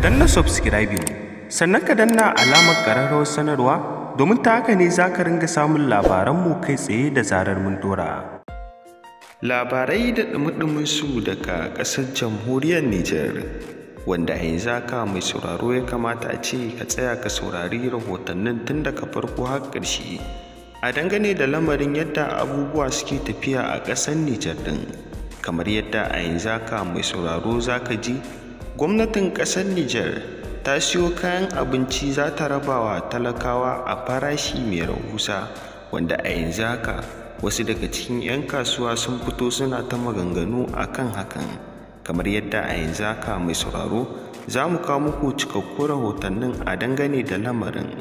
danna subscribing sannan ka danna alamar ƙararrawar sanarwa domin ta haka ne za ka ringa samun labaranmu kai tsaye da zarar mun dora. Labarai da ɗumi su daga ƙasar jamhuriyar Nijar wanda yanzu haka mai sauraro ya kamata a ce ka tsaya ka saurari rahotannin tun daga farko har ƙarshe a dangane da lamarin yadda abubuwa suke tafiya a ƙasar Nijar ɗin kamar yadda a yanzu haka mai sauraro za ka ji Gwamnatin ƙasar Nijar ta siyo kayan abinci za ta rabawa talakawa a farashi mai rahusa wanda a yanzu haka wasu daga cikin 'yan kasuwa sun fito suna ta maganganu a kan hakan kamar yadda a yanzu haka mai sauraro za mu kawo muku cikakkun rahotannin a dangane da lamarin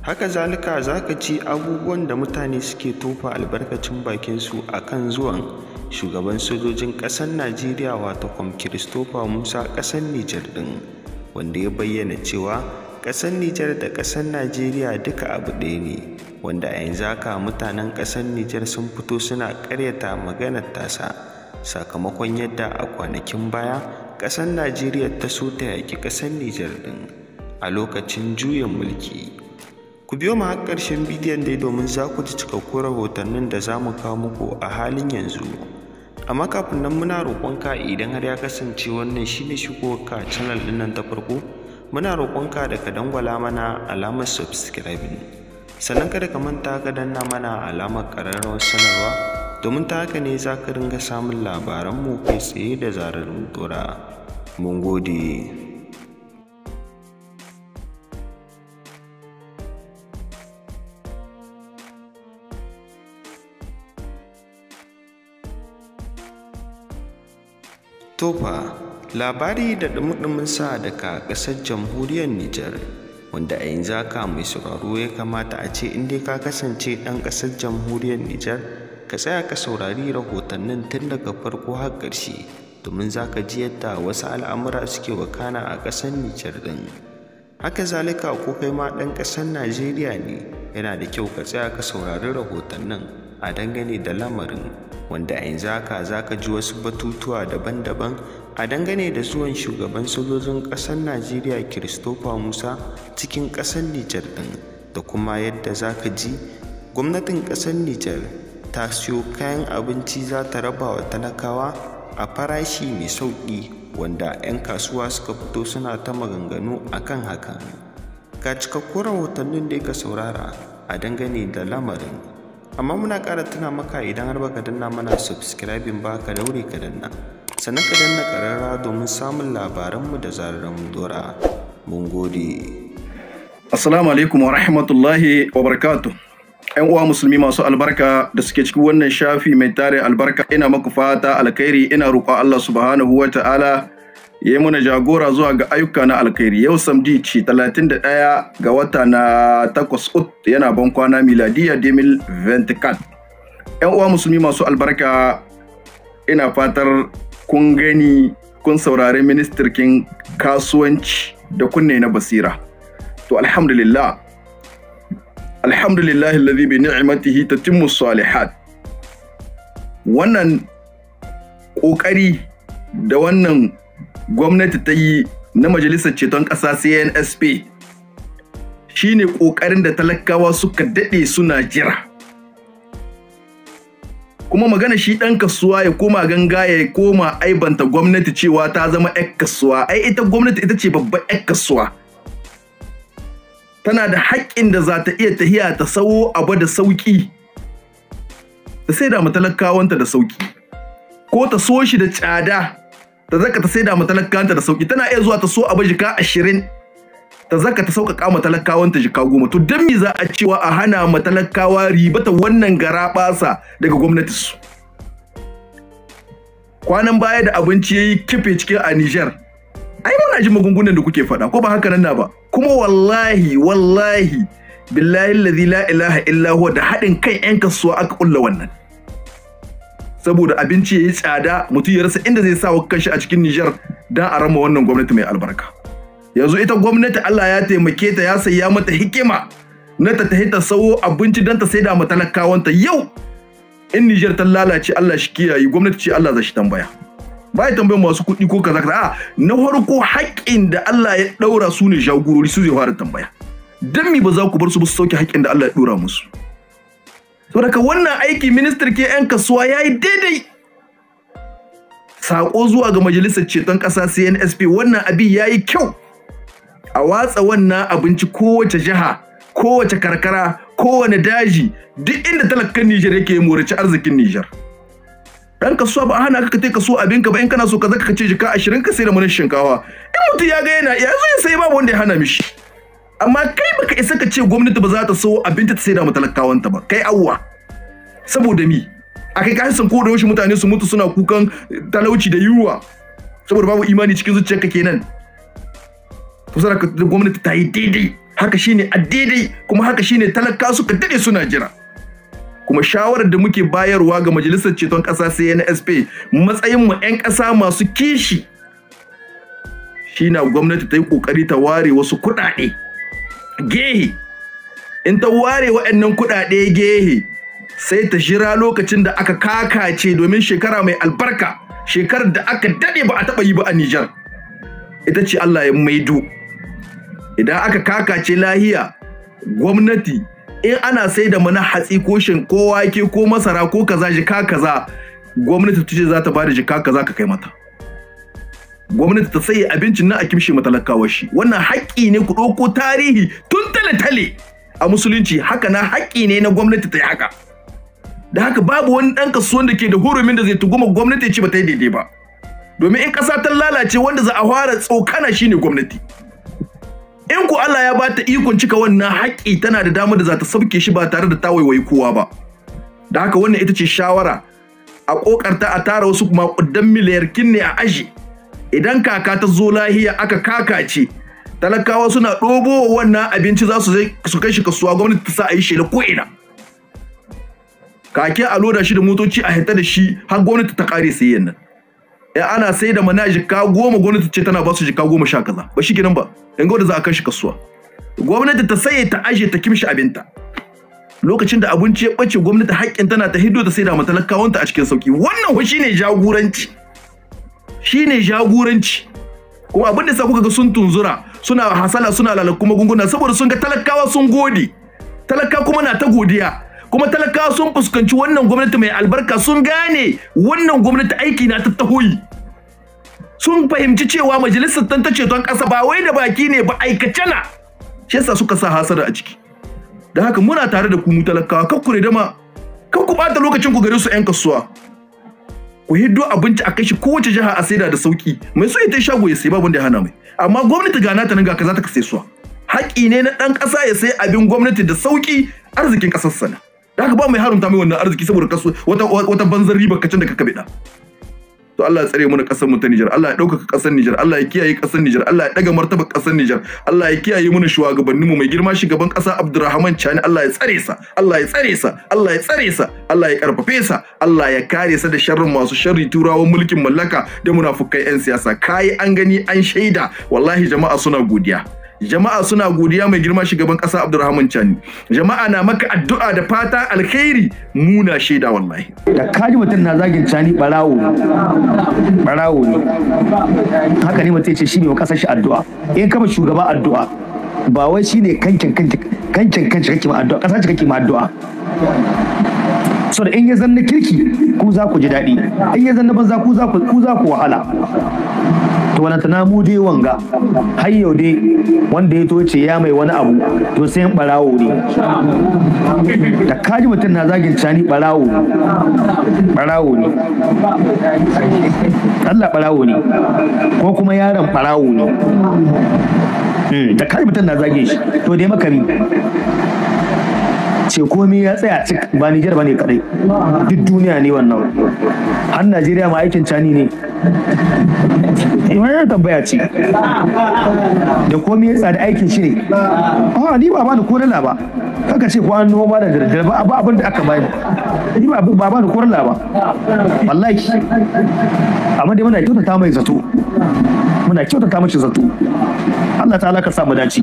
haka zalika za ka ci abubuwan da mutane suke tofa albarkacin bakinsu a kan zuwan shugaban sojojin ƙasar najeriya wato kwam christopher musa ƙasar nijar ɗin wanda ya bayyana cewa ƙasar nijar da ƙasar najeriya duka abu ɗaya ne wanda a yanzu haka mutanen ƙasar nijar sun fito suna ƙaryata maganar tasa sakamakon yadda a kwanakin baya ƙasar najeriya ta so ta yaƙi ƙasar nijar ɗin a lokacin juyin mulki Ku biyo mu har ƙarshen bidiyon dai domin za ku ji cikakkun rahotannin da za mu kawo muku a halin yanzu. amma kafin nan muna roƙonka idan har ya kasance wannan shine ka channel din nan ta farko muna roƙonka da ka dangwala mana alamar subscribe sannan kada ka manta ka danna mana alamar ƙararrawar sanarwa domin ta haka ne za ka ringa samun labaranmu kai tsaye da zarar mun mun gode Tofa labari da ɗumuɗumin sa daga ƙasar jamhuriyar Nijar wanda a yanzu aka mai sauraro ya kamata a ce in ka kasance ɗan ƙasar jamhuriyar Nijar ka tsaya ka saurari rahotannin tun daga farko har ƙarshe domin za ka ji yadda wasu al'amura suke wakana a ƙasar Nijar din. haka zalika ko kai ma ɗan ƙasar najeriya ne yana da kyau ka tsaya ka saurari rahotannin a dangane da lamarin wanda a yanzu haka za ka ji wasu batutuwa daban-daban a dangane da zuwan shugaban sojojin ƙasar najeriya christopher musa cikin ƙasar nijar ɗin da kuma yadda za ka ji gwamnatin ƙasar nijar ta siyo kayan abinci za ta raba wa talakawa a farashi mai sauƙi wanda 'yan kasuwa suka fito suna ta maganganu a kan haka, ga cikakkun rahotannin da ya saurara a dangane da lamarin amma muna ƙara tuna maka idan har baka danna mana subscribing ba ka daure ka danna sannan ka danna ƙararra domin samun labaranmu da zarar mu dora mun gode assalamu alaikum wa rahmatullahi wa barakatuh 'yan uwa musulmi masu albarka da suke cikin wannan shafi mai tare albarka ina maku fata alkhairi ina roƙo Allah subhanahu wa ta'ala ya yi mana jagora zuwa ga ayyuka na alkhairi yau samdi ce 31 ga wata na takwas ut yana ban kwana miladiya demil 'yan uwa musulmi masu albarka ina fatar kun gani kun saurari ministirkin kasuwanci da kunne na basira to alhamdulillah alhamdulillahi alladhi bi ni'matihi tatimmu salihat wannan kokari da wannan gwamnati ta yi na majalisar ceton ƙasa CNSP shine kokarin da talakawa suka dade suna jira kuma magana shi ɗan kasuwa ya koma ganga ya koma aibanta gwamnati cewa ta zama 'yan kasuwa ai ita gwamnati ita ce babban 'yan kasuwa tana da haƙƙin da za ta iya tahiya ta sawo abu da sauƙi ta sai da matalakawanta da sauƙi ko ta so shi da tsada ta zaka ta sai da matalakawanta da sauƙi tana iya zuwa ta so abu jika ashirin ta zaka ta sauƙaƙa matalakawanta jika goma to don me za a cewa a hana matalakawa ta wannan garaɓasa daga gwamnati su? kwanan baya da abinci ya yi kife cikin a Nijar ai muna ji magungunan da kuke faɗa ko ba haka nan na ba kuma wallahi wallahi billahi allazi la ilaha illa da haɗin kan yan kasuwa aka ƙulla wannan saboda abinci ya yi tsada mutum ya rasa inda zai sa wa kanshi a cikin Nijar don a rama wannan gwamnati mai albarka yanzu ita gwamnati Allah ya taimake ta ya saya mata hikima na ta tahi ta sawo abinci don ta saida ma talakawanta yau in Nijar ta lalace Allah shi kiyaye gwamnati ce Allah za shi tambaya ba ya tambayin masu kuɗi ko kaza kaza a na farko haƙƙin da Allah ya ɗaura su ne jagorori su zai fara tambaya dan mi ba za ku bar su ba su sauke haƙƙin da Allah ya ɗora musu saboda ka wannan aiki ministar ke yan kasuwa ya yi daidai saƙo zuwa ga majalisar ceton ƙasa CNSP wannan abin yi kyau a watsa wannan abinci kowace jiha kowace karkara kowane daji duk inda talakan Nijar yake moraci arzikin Nijar. dan kasuwa ba a hana ka kai kaso abin ka ba in kana so ka zaka ce jika 20 ka sai da munin shinkawa in mutum ya ga yana ya zo ya sai babu wanda ya hana mishi amma kai baka isa ka ce gwamnati ba za ta so abin ta sai da ta ba kai awwa saboda mi a kai kashi sun ko da yaushe mutane su mutu suna kukan talauci da yiwuwa saboda babu imani cikin zuciyarka kenan to sai gwamnati ta yi daidai haka shine a daidai kuma haka shine talaka suka dade suna jira kuma shawarar da muke bayarwa ga majalisar ceton ƙasa CNSP matsayin mu 'yan ƙasa masu kishi shi na gwamnati ta yi ƙoƙari ta ware wasu kuɗaɗe gehe in ta ware waɗannan kuɗaɗe gehe sai ta jira lokacin da aka kakace domin shekara mai albarka shekarar da aka daɗe ba a taɓa yi ba a Nijar ita ce Allah ya maido idan aka kakace lahiya gwamnati in ana sai da mana hatsi ko shin ko wake ko masara ko kaza jika kaza gwamnati ta ce za ta bada jika kaza ka kai mata gwamnati ta sayi abincin nan a kimshe matalakawar shi wannan haƙƙi ne ku ɗauko tarihi tun tale-tale a musulunci haka na haƙƙi ne na gwamnati ta yi haka da haka babu wani ɗan kasuwan da ke da hurumin da zai tuguma gwamnati ya ce ba ta yi daidai ba domin in ƙasa ta lalace wanda za a fara tsokana shine gwamnati in ku Allah ya bata ikon cika wannan haƙƙi tana da damar da za ta sauke shi ba tare da ta waiwayi kowa ba da haka wannan ita ce shawara a ƙoƙarta a tara wasu maƙudan miliyarkin ne a aji idan kaka ta zo lahiya aka kaka ce, talakawa suna ɗobo wannan abinci za su kai shi kasuwa gwamnati ta sa a yi shela ko ina kake a loda shi da motoci a hita da shi har gwamnati ta ƙare sayen nan ya eh, ana sai da mana jika goma gwamnati ce tana ba su jika goma sha kaza ba shi kenan ba in da za a kashi kasuwa gwamnati ta saye ta aje ta kimshi abinta lokacin da abinci ya bace gwamnati haƙƙin tana ta hiddo ta sai da matalakawanta a cikin sauki wannan ho shine jagoranci shine jagoranci kuma abin da sa kuka ga sun tunzura suna hasala suna lalakku gunguna. saboda sun ga talakawa sun gode talaka kuma na ta godiya kuma talakawa sun fuskanci wannan gwamnati mai albarka sun gane wannan gwamnati aiki na ta tahoyi sun fahimci cewa majalisar ta ceton ƙasa ba wai da baki ne ba aikace na shi yasa suka sa hasara a ciki da haka muna tare da ku mu talakawa kar ku ma? kar ku bata lokacin ku gare su yan kasuwa ku hiddo abinci a kai kowace jiha a saida da sauki mai so ita shago ya sai babu wanda ya hana mai amma gwamnati ga nata nan ga kaza ta kasai suwa haƙi ne na ɗan ƙasa ya sai abin gwamnati da sauki arzikin ƙasar sana haka ba mai harunta mai wannan arziki saboda kasu wata wata banzan riba kacin da ka kabe da to Allah ya tsare mana kasar mu ta Niger Allah ya dauka kasar Niger Allah ya kiyaye kasar Niger Allah ya daga martaba kasar Niger Allah ya kiyaye mana shugabannin mu mai girma shugaban kasa Abdulrahman Chani Allah ya tsare sa Allah ya tsare sa Allah ya tsare sa Allah ya karfafe sa Allah ya kare sa da sharrin masu sharri turawan mulkin mallaka da munafukai yan siyasa kai an gani an shaida wallahi jama'a suna godiya jama'a suna godiya mai girma shugaban kasa abdulrahman chani jama'a na maka addu'a da fata alkhairi muna shaida wallahi da kaji mutum na zagin chani barawo ne barawo ne haka ne mutum ya ce shi ne wa kasar shi addu'a in kama shugaba addu'a ba wai shi ne kankin kankin kake ma addu'a kasa kake ma addu'a so da in ya zanna kirki ku za ku ji daɗi in ya zanna banza ku za ku wahala to wani tana mu dai wanga har yau dai wanda ya toce ya mai wani abu to sai barawo ne da kaji mutum na zagin cani barawo barawo ne Allah barawo ne ko kuma yaron barawo ne hmm, da kaji mutum na zagin shi to dai makami ce komai ya tsaya cik ba Nijar ba ne kadai duk duniya ne wannan har Najeriya ma aikin cani ne wannan tambaya ce da komai tsada aikin shi ne a ah, ni ba bani korala ba kaka ce ko an noma da daddare ba abu abin da aka bani ni ba ba bani korala ba wallahi amma dai muna kyautata mai zato muna kyautata mace zato Allah ta'ala ka samu dace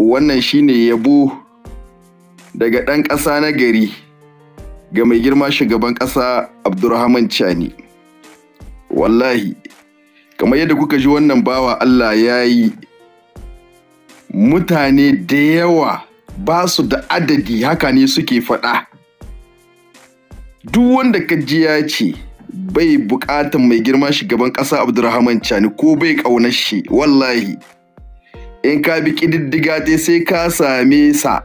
wannan shine yabo daga ɗan ƙasa na gari ga mai girma shugaban ƙasa Abdurrahman Chani. wallahi kamar yadda kuka ji wannan bawa Allah ya yi mutane da yawa ba su da adadi haka ne suke faɗa duk wanda ka ji ya ce bai buƙatan mai girma shugaban ƙasa abdurrahman cani ko bai ƙaunar shi wallahi in ka bi ƙididdiga dai sai ka same sa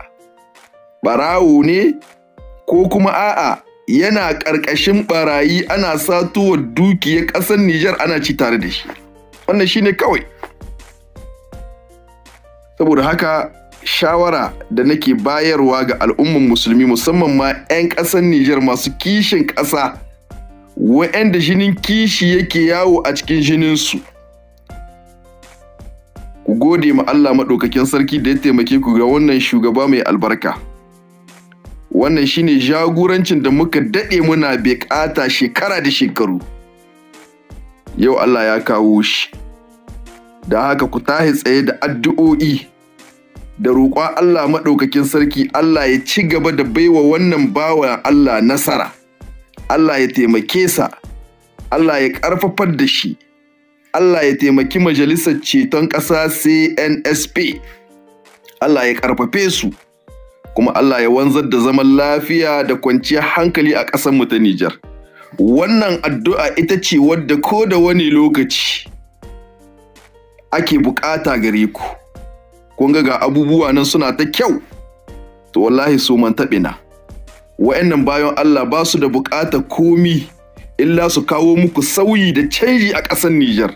ɓarawo ne ko kuma a'a yana ƙarƙashin ɓarayi ana satowa dukiyar ƙasar Nijar ana ci tare da shi. Wannan shi ne kawai. Saboda haka shawara da nake bayarwa ga al'umman musulmi musamman ma 'yan ƙasar Nijar masu kishin ƙasa wa'yanda jinin kishi yake yawo a cikin su. Ku gode ma Allah maɗaukakin sarki da ya taimake ku ga wannan shugaba mai albarka. wannan shine jagorancin da muka daɗe muna bekata shekara da shekaru yau Allah ya kawo shi da haka ku tahi tsaye da addu'o'i da roƙon Allah maɗaukakin sarki Allah ya ci gaba da baiwa wannan bawa Allah nasara Allah ya taimake sa Allah ya ƙarfafar da shi Allah ya taimaki majalisar ceton ƙasa CNSP Allah ya ƙarfafe su kuma Allah ya wanzar da zaman lafiya da kwanciyar hankali a ƙasar mu ta Nijar. Wannan addu'a ita ce wadda ko da wani lokaci ake buƙata gare ku. Kun ga abubuwa nan suna ta kyau, to wallahi su man taɓina. Wa'yannan bayan Allah ba su da bukata komi illa su kawo muku sauyi da canji a ƙasar Nijar.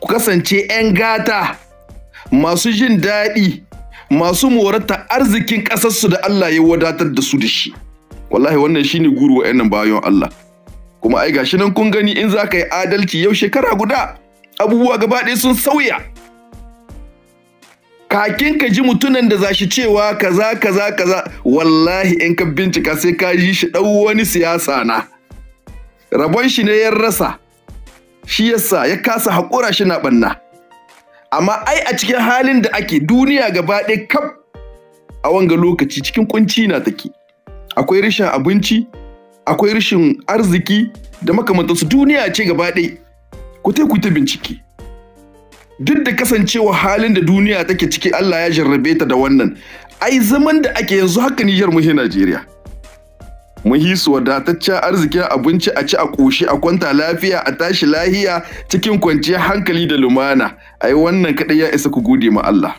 Ku kasance ‘yan gata masu jin daɗi masu morata arzikin ƙasarsu da Allah ya wadatar da su da shi wallahi wannan shi ne guru wa'annan bayan Allah kuma ai gashi nan kun gani in za ka yi adalci yau shekara guda abubuwa gaba ɗaya sun sauya kakin ka ji mutunan da za shi cewa kaza kaza kaza wallahi in ka bincika sai ka ji shi ɗau wani siyasa na rabon shi ne ya rasa shi yasa ya kasa haƙura shi na ɓanna amma ai a cikin halin da ake duniya gaba ɗaya kaf a wanga lokaci cikin kunci na take akwai rashin abinci akwai rashin arziki da makamantansu duniya ce gaba ɗaya ku ta ta bincike duk da kasancewa halin da duniya take ciki Allah ya jarrabe ta da wannan ai zaman da ake yanzu haka Nijar mu Najeriya su wadataccen arzikin abinci a ci a ƙoshi a kwanta lafiya a tashi lahiya cikin kwanciyar hankali da lumana ai wannan kaɗai ya isa ku gode ma Allah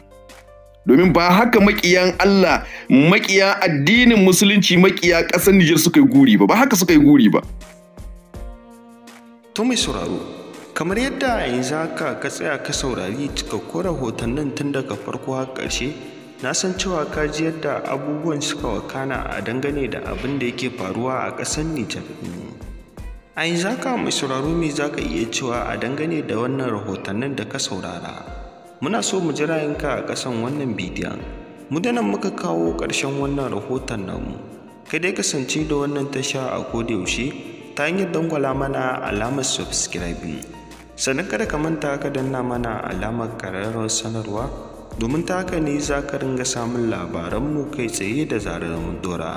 domin ba haka makiyan Allah makiya addinin musulunci makiya ƙasar Nijar suka yi guri ba ba haka suka yi guri ba to mai sauraro kamar yadda yanzu haka ka tsaya ka saurari cikakkun rahotannin tun daga farko har ƙarshe na san cewa ka ji yadda abubuwan suka wakana a dangane da abin da yake faruwa a ƙasar nijar A yi za ka mai sauraro me za ka iya cewa a dangane da wannan rahotannin da ka saurara muna so mu ji ra'ayinka a ƙasan wannan bidiyon mu da muka kawo ƙarshen wannan rahoton namu kai dai kasance da wannan tasha a kodayaushe ta hanyar dangwala mana alamar subscribe. sannan kada ka manta ka danna mana alamar ƙararrawar sanarwa domin ta haka ne za ka ringa samun labaran mu kai tsaye da zarar mun dora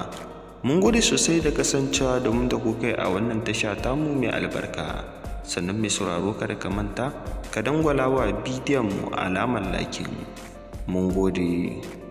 mun gode sosai da kasancewa domin da kuka a wannan tasha tamu mai albarka sannan mai sauraro ka da kamanta ka dangwala wa bidiyon mu alamar lakin mun gode